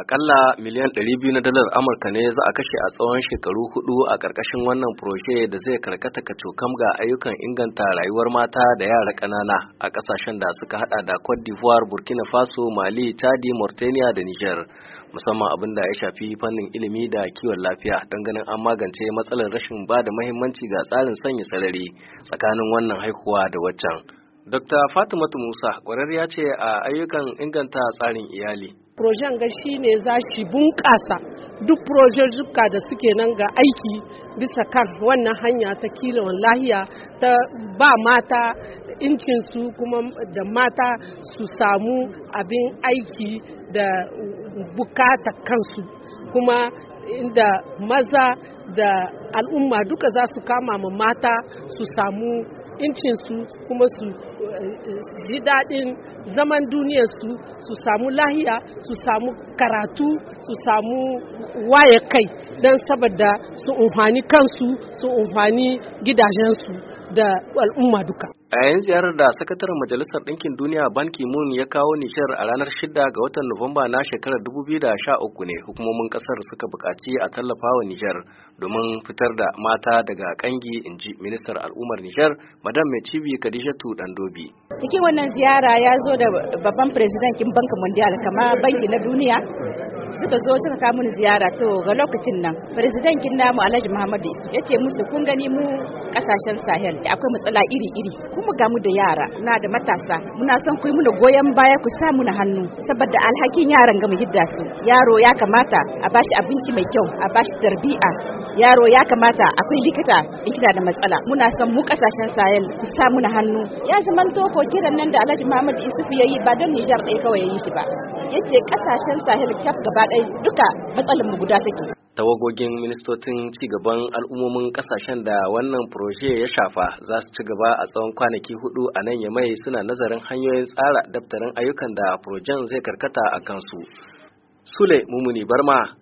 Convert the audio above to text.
Akalla miliyan 200 na dalar Amurka ne za a kashe a tsawon shekaru hudu a karkashin wannan furoshe da zai karkata kacokam ga ayyukan inganta rayuwar mata da yara kanana a ƙasashen da suka hada da Cote d'Ivoire, Burkina Faso, Mali, Chadi, Mauritania da Niger. Musamman abin da ya shafi fannin ilimi da kiwon lafiya don ganin an magance matsalar rashin ba da mahimmanci ga tsarin sanya sarari tsakanin wannan haihuwa da waccan. Dr. Fatimatu Musa kwararriya ce a ayyukan inganta tsarin iyali. projen ga shi ne za shi bunƙasa duk projejuka da suke nan ga aiki bisa kan wannan hanya ta kilon lahiya ta ba mata incinsu kuma da mata su samu abin aiki da bukata kansu kuma inda maza da al'umma duka za su kama ma mata su samu incinsu kuma su eh, ji daɗin zaman duniyarsu su samu lahiya su samu karatu su samu waye kai don saboda su umfani kansu su umfani gidajensu da al'umma duka. A yayin ziyarar da sakataren Majalisar Ɗinkin Duniya Ban Ki-moon ya kawo Nishar a ranar 6 ga watan Nuwamba na shekarar 2013 ne hukumomin ƙasar suka buƙaci a tallafa wa Nijar domin fitar da mata daga ƙangi in ji ministar al'ummar Nijar Madam Mai Cibi Khadijatu Dandobi. Cikin wannan ziyara ya zo da babban firizidankin Bankin mundial kama banki na duniya suka zo suka kawo mini ziyara to ga lokacin nan firizidankin namu Alhaji Muhammadu Isu ya ce musu kun gani mu kasashen Sahel da akwai matsala iri-iri kuma gamu da yara na da matasa muna son ku yi mana goyon baya ku sa na hannu saboda alhakin yaran ga mu hidda su yaro ya kamata a bashi abinci mai kyau a bashi tarbiya yaro ya kamata akwai likita in kina da matsala muna son mu kasashen sahel ku sa muna hannu ya zaman toko kiran nan da alhaji muhammad isuf ya yi ba don nijar ɗaya kawai ya yi shi ba ya ce kasashen sahel kyaf gaba ɗaya duka matsalar mu guda take tawagogin ministocin cigaban al'ummomin kasashen da wannan proje ya shafa za su ci gaba a tsawon kwanaki hudu a nan yamai suna nazarin hanyoyin tsara daftarin ayyukan da projen zai karkata a kansu sule mumuni barma